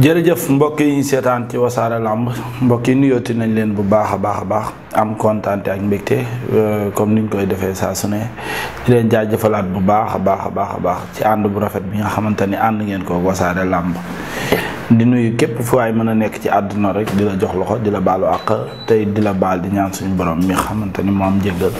jërëjëf mbokk yi ñu seetaan ci wasaare làmb mbokk yi nuyooti nañ leen bu baax a baax a baax am kontaan ak mbégte euh, comme niñ koy defee saa su ne di leen jaajëfalaat bu baax a baax a baax a baax ci ànd bu rafet bi nga xamante ni ànd ngeen ko wasaare làmb di nuyu képp fu waay mën a nekk ci àdduna rek di la jox loxo di la baalu àq tey di la baal di ñaan suñu borom mi xamante ni moom jéggal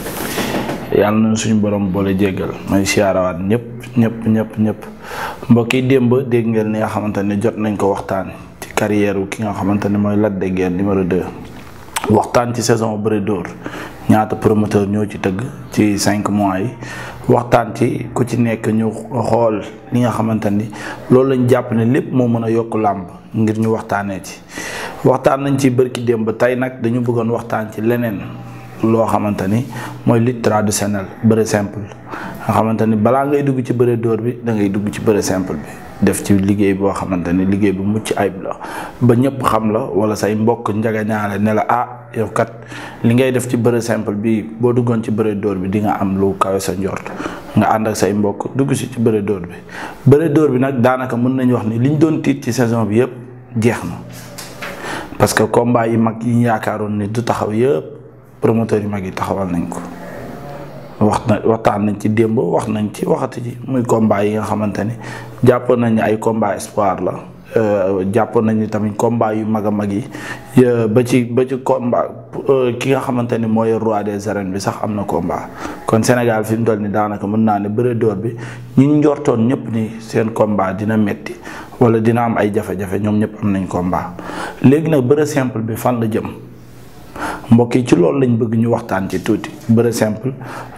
yàlla na suñu borom boole jéggal may siyaarawaat ñëpp ñëpp ñëpp ñëpp. mbokk yi démb dégg ngeen li nga xamante ne jot nañ ko waxtaan ci carrière ki nga xamante ne mooy Lac de Guiers numéro 2 waxtaan ci saison bëre dóor ñaata promoteur ñoo ci tëgg ci cinq mois yi waxtaan ci ku ci nekk ñu xool li nga xamante ni loolu lañ jàpp ne lépp moo mën a yokk làmb ngir ñu waxtaanee ci waxtaan nañ ci bërki démb tey nag dañu bëggoon waxtaan ci leneen loo xamante ni mooy lutte traditionnelle bëre simple nga xamante ni balaa ngay dugg ci bëre dóor bi dangay dugg ci bëre simple bi def ci liggéey boo xamante ni liggéey bu mucc ayib la ba ñëpp xam la wala say mbokk njagañaale ne la ah yow kat li ngay def ci bëre simple bi boo duggoon ci bëre dóor bi di nga am lu kawe sa njort nga ànd ak say mbokk dugg si ci bëre dóor bi bëre dóor bi nag daanaka mën nañu wax ni liñ doon tiit ci saison bi yëpp jeex na parce que combat yi mag yi yaakaaroon ni du taxaw yëpp promoteur yi mag yi taxawal nañ ko wax na waxtaan nañ ci démb wax nañ ci waxati ci muy combat yi nga xamante ni jàpp nañ ay combat espoir la euh, jàpp nañu tamit combat yu mag a mag yi euh, ba ci ba ci combat euh, ki nga xamante ni mooy roi des arènes bi sax am na combat kon Sénégal fi mu toll ni daanaka mën naa ne bëre door bi ñi njoortoon ñëpp ni seen combat dina metti wala dina am ay jafe-jafe ñoom ñëpp am nañ combat léegi nag bëre simple bi fan la jëm. mbokk yi ci loolu lañ bëgg ñu waxtaan ci tuuti bëre simple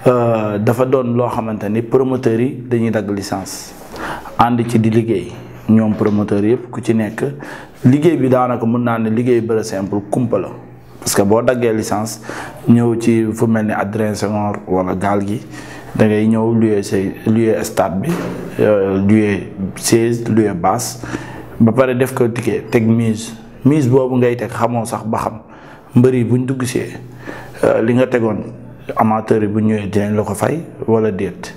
euh, dafa doon loo xamante ni promoteurs yi dañuy dagg licence ànd ci di liggéey ñoom promoteurs yëpp ku ci nekk liggéey bi daanaka mën naa ne liggéey bëre simple kumpa la parce que boo daggee licence ñëw ci fu mel ni Adrien Senghor wala gaal gi da ngay ñëw louer say louer stade bi euh, louer siège louer basse ba pare def ko ticket teg mise mise boobu ngay teg xamoo sax ba xam. mbër yi buñ dugg see euh, li nga tegoon amateur yi bu ñëwee dinañ la ko fay wala déet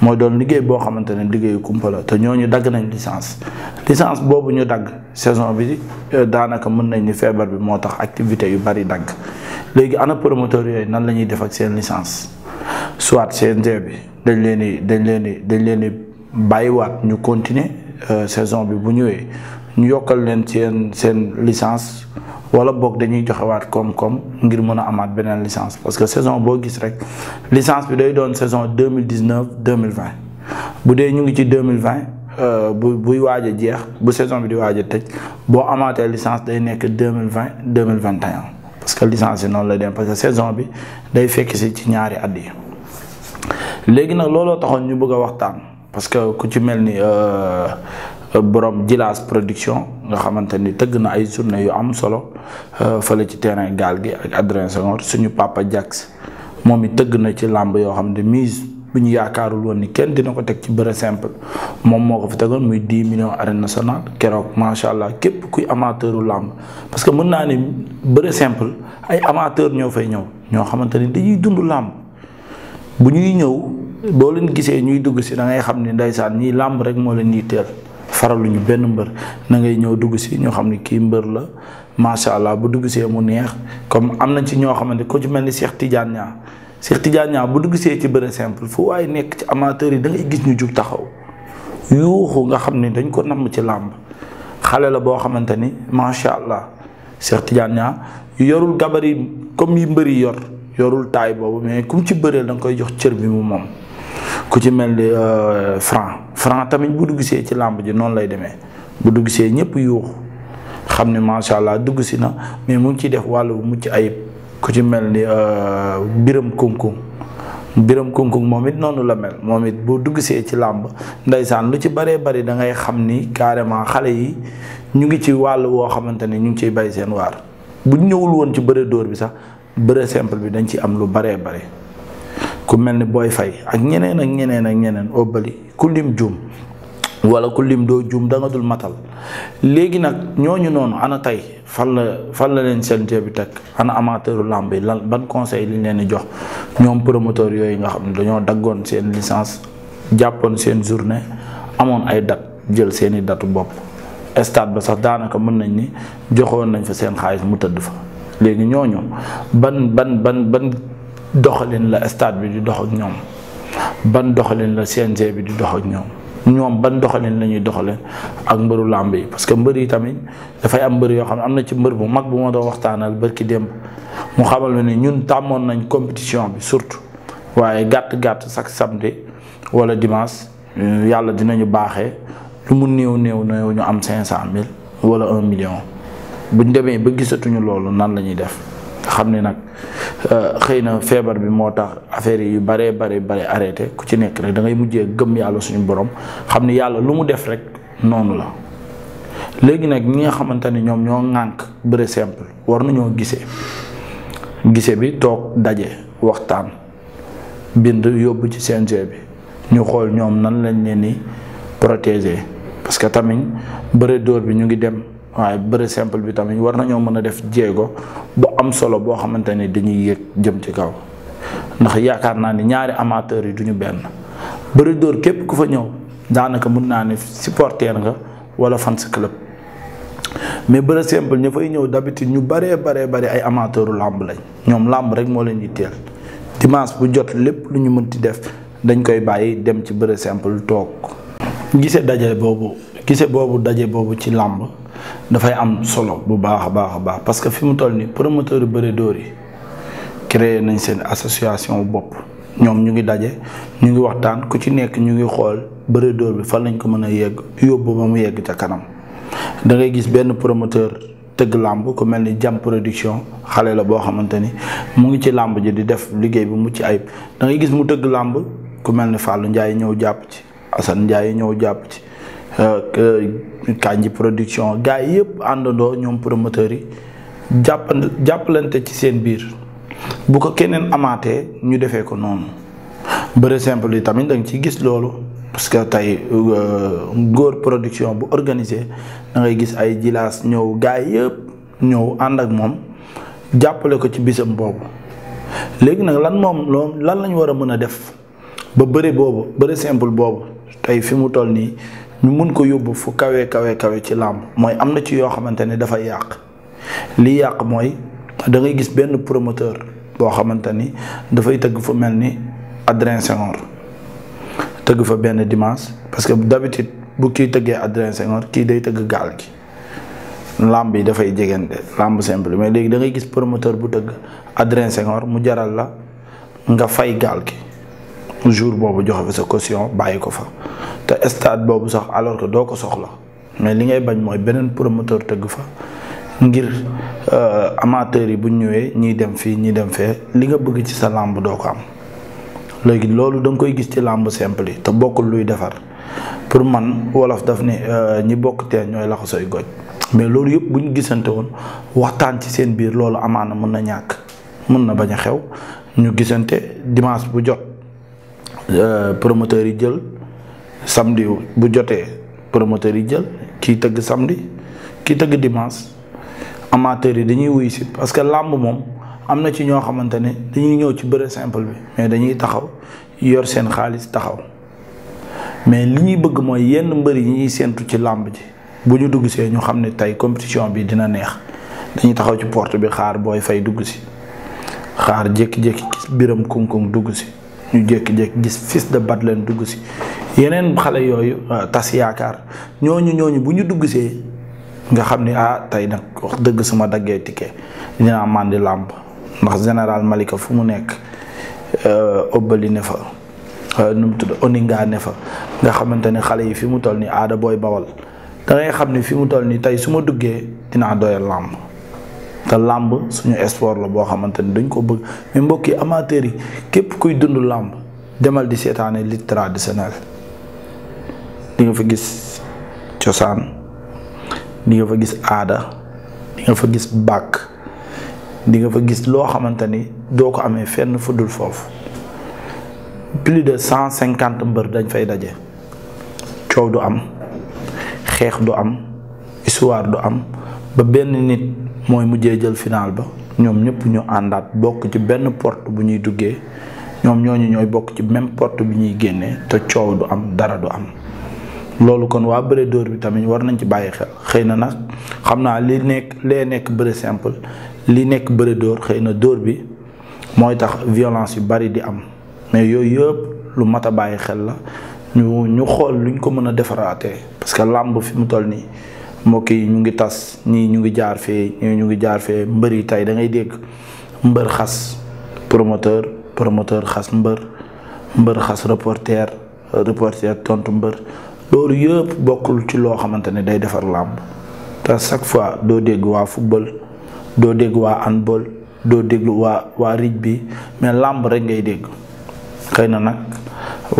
mooy doon liggéey boo xamante ne liggéeyu kumpa te ñoo ñu dagg nañ licence licence boobu ñu dagg saison bi euh, daanaka mën nañ ni feebar bi moo tax activité yu bari dagg léegi ana promoteur yooyu nan la ñuy def ak seen licence soit CNG bi dañ leen di dañ leen di dañ leen di bàyyiwaat ñu continuer euh, saison bi bu ñëwee ñu yokkal leen seen seen licence wala boog dañuy joxewaat koom-koom ngir mën a amaat beneen licence parce que saison boo gis rek licence bi day doon saison deux mille dix neuf deux mille vingt bu dee ñu ngi ci deux mille vingt euh, bu buy waaj a jeex bu saison bi di waaj a tëj boo amaatee licence day nekk deux mille vingt deux mille vingt et un parce que licence yi noonu la dem parce que saison bi day fekk si ci ñaari at yi léegi nag looloo taxoon ñu bëgg a waxtaan parce que ku ci mel ni. Euh, borom Djilass production nga xamante ni tëgg na ay journée yu am solo euh, fële ci terrain gaal gi ak Adrien Senghor suñu papa Jax moom it tëgg na ci làmb yoo xam ne mise bu ñu yaakaarul woon ni kenn dina ko teg ci bëre simple moom moo ko fi tegoon muy 10 millions arène nationale keroog macha allah képp kuy amateuru làmb parce que mën naa ne bëre simple ay amateur ñoo fay ñëw ñoo xamante ni dañuy dund làmb bu ñuy ñëw boo leen gisee ñuy dugg si da ngay xam ni ndeysaan ñii làmb rek moo leen yitteel faraluñu benn mbër na ngay ñëw dugg si ñoo xam ne kii mbër la macha allah bu dugg see mu neex comme am nañ ci ñoo xamante ko ci mel ni Cheikh Tidiane Niang Cheikh Tidiane Niang bu dugg see ci bëre simple fu waaye nekk ci amateur yi da gis ñu jub taxaw yuuxu nga xam ni dañ ko namm ci làmb xale la boo xamante ni macha allah Cheikh Tidiane Niang yorul gabarit comme yi mbër yi yor yorul taay boobu mais kum ci bëreel danga koy jox cër bi mu moom. ku ci mel ni euh, franc franc tamit bu dugg see ci làmb ji noonu lay demee bu dugg see ñëpp yuuxu xam ne macha allah dugg si na mais mu ngi ciy def wàllu mucc ayib ku ci mel ni euh, biram kunkung biram kunkung moom it noonu la mel moom it bu dugg see ci làmb ndeysaan lu ci baree bari da ngay xam ni carrément xale yi ñu ngi ci wàll woo xamante ne ñu ngi ciy bay seen waar bu ñëwul woon ci bëre dóor bi sax bëre simple bi dañ ci am lu baree bare ku mel ni Boy Faye ak ñeneen ak ñeneen ak ñeneen Obali oh ku lim juum wala ku doo juum da dul matal léegi nag ñooñu noonu ana tey fan la fan la leen seen bi teg ana amateuru làmb yi lan ban conseil liñ leen di jox ñoom promoteur yooyu nga xam ne dañoo daggoon seen licence jàppoon seen journée amoon ay date jël seen i datu bopp stade ba sax daanaka mën nañ ni joxoon nañ fa seen xaalis mu tëdd fa léegi ñooñu ban ban ban doxalin la stade bi di dox ak ñoom ban doxalin la CNG bi di dox ak ñoom ñoom ban doxalin la ñuy doxalin ak mbëru làmb yi parce que mbër yi tamit dafay am mbër yoo xam ne am na ci mbër bu mag bu ma doon waxtaanal bërki démb mu xamal ma ne ñun tàmmoon nañ compétition bi surtout waaye gàtt gàtt chaque wala dimanche yàlla dinañu baaxee lu mu néew néew néew ñu am cinq cent mille wala un million buñ demee ba gisatuñu loolu nan la ñuy def xam ne nag. Euh, xëy na feebar bi moo tax affaire yu bare bare bare arrêté ku ci nekk rek da ngay mujjee gëm yàlla suñu borom xam ne yàlla lu mu def rek noonu la léegi nag ñi nga xamante ni ñoom ñoo ŋànk bëre simple war nañoo gisee gise bi toog daje waxtaan bind yóbbu ci CNG bi ñu xool ñoom nan lañ leen ni protéger parce que tamit bëre dóor bi ñu ngi dem waaye bëre simple bi tamit war nañoo mën a def jéego bu am solo boo xamante ne dañuy yéeg jëm ci kaw ndax yaakaar naa ni ñaari amateurs yi duñu benn bëri dóor képp ku fa ñëw daanaka mun naa ne supporter nga wala fans club mais bëre simple ñu fay ñëw d'habitude ñu baree bare bari ay amateuru làmb lañ ñoom làmb rek moo leen yitteel dimanche bu jot lépp lu ñu mënti def dañ koy bàyyi dem ci bëre simple toog gise daje boobu gise boobu daje boobu ci làmb dafay am solo bu baax a baax a baax parce que fi mu toll nii promoteur bëre dóor yi créer nañ seen association bopp ñoom ñu ngi daje ñu ngi waxtaan ku ci nekk ñu ngi xool bëre door bi fan lañ ko mën a yegg yóbbu ba mu yegg ca kanam da ngay gis benn promoteur tëgg làmb ku mel ni jam production xale la boo xamante ni mu ngi ci làmb ji di def liggéey bu mucc ayib da ngay gis mu tëgg làmb ku mel ni Fallou Ndiaye ñëw jàpp ci Assane Ndiaye ñëw jàpp ci Euh, euh, Kandji production gars yi yëpp àndandoo ñoom promoteurs yi jàpp jàppalante ci seen biir bu ko keneen amaatee ñu defee ko noonu bëre simple yi tamit da nga gis loolu parce que tey euh, góor production bu organisé da ngay gis ay jilaas ñëw gars yëpp ñëw ànd ak moom jàppale ko ci bisam boobu léegi nag lan moom loolu lan lañu war a mën a def ba bëre boobu bëre simple boobu tey fi mu toll nii ñu mun ko yóbbu fu kawe kawe kawe ci làmb mooy am na ci yoo xamante ne dafa yàq li yàq mooy dangay gis benn promoteur boo xamante ni dafay tëgg fu mel ni Adrien Senghor tëgg fa benn dimanche parce que d'habitude bu kii tëggee Adrien Senghor kii day tëgg gaal gi làmb yi dafay jegante làmb simple mais léegi da ngay gis promoteur bu tëgg Adrien Senghor mu jaral la nga fay gaal gi pour jour boobu joxe fa sa caution bàyyi ko fa te stade boobu sax alors que doo ko soxla mais li ngay bañ mooy beneen promoteur tëgg fa ngir euh, amateurs yi bu ñëwee ñiy dem fii ñiy dem fee li nga bëgg ci sa làmb doo ko am léegi loolu da nga koy gis ci làmb simple yi te bokkul luy defar pour man wolof daf ni euh, ñi bokk teen ñooy laxasooy goj mais loolu yëpp bu ñu gisante woon waxtaan ci seen biir loolu amaana mën na ñàkk mën na bañ a xew ñu gisante dimanche Euh, promoteur yi jël samedi bu jotee promoteur yi jël kii tëgg samedi kii tëgg dimanche amateurs yi dañuy wuy si parce que làmb moom am na ci ñoo xamante ne dañuy ñëw ci bëre simple bi mais dañuy taxaw yor seen xaalis taxaw mais li ñuy bëgg mooy yenn mbër yi ñuy séentu ci làmb ji bu ñu dugg see ñu xam ne tey compétition bi dina neex dañuy taxaw ci porte bi xaar booy fay dugg si xaar jékki-jékki biram kunkung dugg si ñu jékki-jékki gis fils de bat leen dugg si yeneen xale yooyu ah, tas yaakaar ñooñu ñooñu bu ñu dugg see nga xam ni ah tey nag wax dëgg suma daggee ticket dinaa màndi làmb ndax général Malika fu mu nekk euh, Obali ne fa euh, nu mu tudd Oninga ne fa nga xamante ne xale yi fi mu toll ni aada booy bawal da xam ni fi mu toll ni tey su ma duggee dinaa doyal làmb te làmb suñu sport la boo xamante ni dañ ko bëgg mais mbokki amateurs yi képp kuy dund làmb demal di seetaane lutte traditionnelle di nga fa gis cosaan di nga fa gis aada di fa gis bàkk di nga fa gis loo xamante ni doo ko amee fenn fuddul foofu plus de cent cinquante mbër dañ fay daje coow du am xeex du am histoire du am ba benn nit mooy mujjee jël final ba ñoom ñëpp ñu àndaat bokk ci benn porte bu ñuy duggee ñoom ñooñu ñooy bokk ci même porte bi ñuy génnee te coow du am dara du am. loolu kon waa bëre dóor bi tamit war nañ ci bàyyi xel xëy na nag xam naa li nekk lee nekk bëre simple li nekk bëre dóor xëy na dóor bi mooy tax violence yu bari di am mais yooyu yëpp lu mat a bàyyi xel la ñu ñu xool luñ ko mën a defaraatee parce que làmb fi mu toll nii. mbokk yi ñu ngi tas nii ñu ngi jaar fee ñii ñu ngi jaar fee mbër yi tey da ngay dégg mbër xas promoteur promoteur xas mbër mbër xas reporter reporter tontu mbër loolu yëpp bokkul ci loo xamante ne day defar làmb te chaque fois doo dégg waa football doo dégg waa handball doo déglu waa waa rij bi mais làmb rek ngay dégg xëy na nag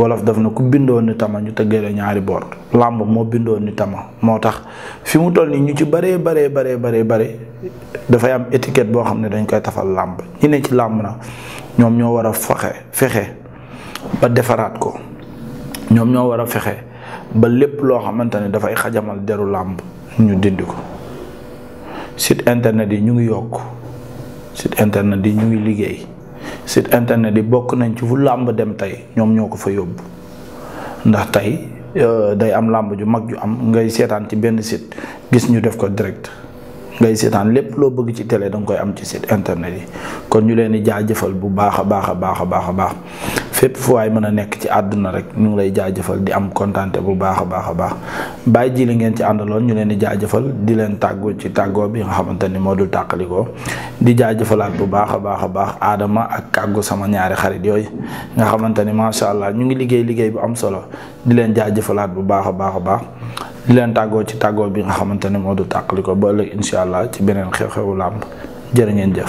wolof def na ku bindoon ni tama ñu tëggee la ñaari boor làmb moo bindoon ni tama moo tax fi mu toll nii ñu ci bëree baree baree baree bëri dafay am étiquette boo xam ne dañ koy tafal làmb ñi ne ci làmb na ñoom ñoo war a fexe fexe ba defaraat ko ñoom ñoo war a fexe ba lépp loo xamante ne dafay xajamal deru làmb ñu dindi ko sit internet yi ñu ngi yokk site internet yi ñu ngi liggéey site internet yi bokk nañ ci fu làmb dem tey ñoom ñoo ko fa yóbbu ndax tey euh, day am làmb ju mag ju am ngay seetaan ci benn site gis ñu def ko direct ngay seetaan lépp loo bëgg ci télé danga koy am ci site internet yi kon ñu leen di jaajëfal bu baax a baax a baax a baax a baax fépp fu waay mën a nekk ci àdduna rek ñu ngi lay jaajëfal di am kontante bu baax a baax a baax bàyyi ji li ngeen ci àndaloon ñu leen di jaajëfal di leen tàggoo ci tàggoo bi nga xamante ni moo dul tàqalikoo di jaajëfalaat bu baax a baax a baax aadama ak kàggu sama ñaari xarit yooyu nga xamante ni macha allah ñu ngi liggéey liggéey bu am solo di leen jaajëfalaat bu baax a baax a baax di leen tàggoo ci tàggoo bi nga xamante ni moo dul tàqalikoo ba ëllëg incha allah ci beneen xew-xewu làmb jër ngeen jëf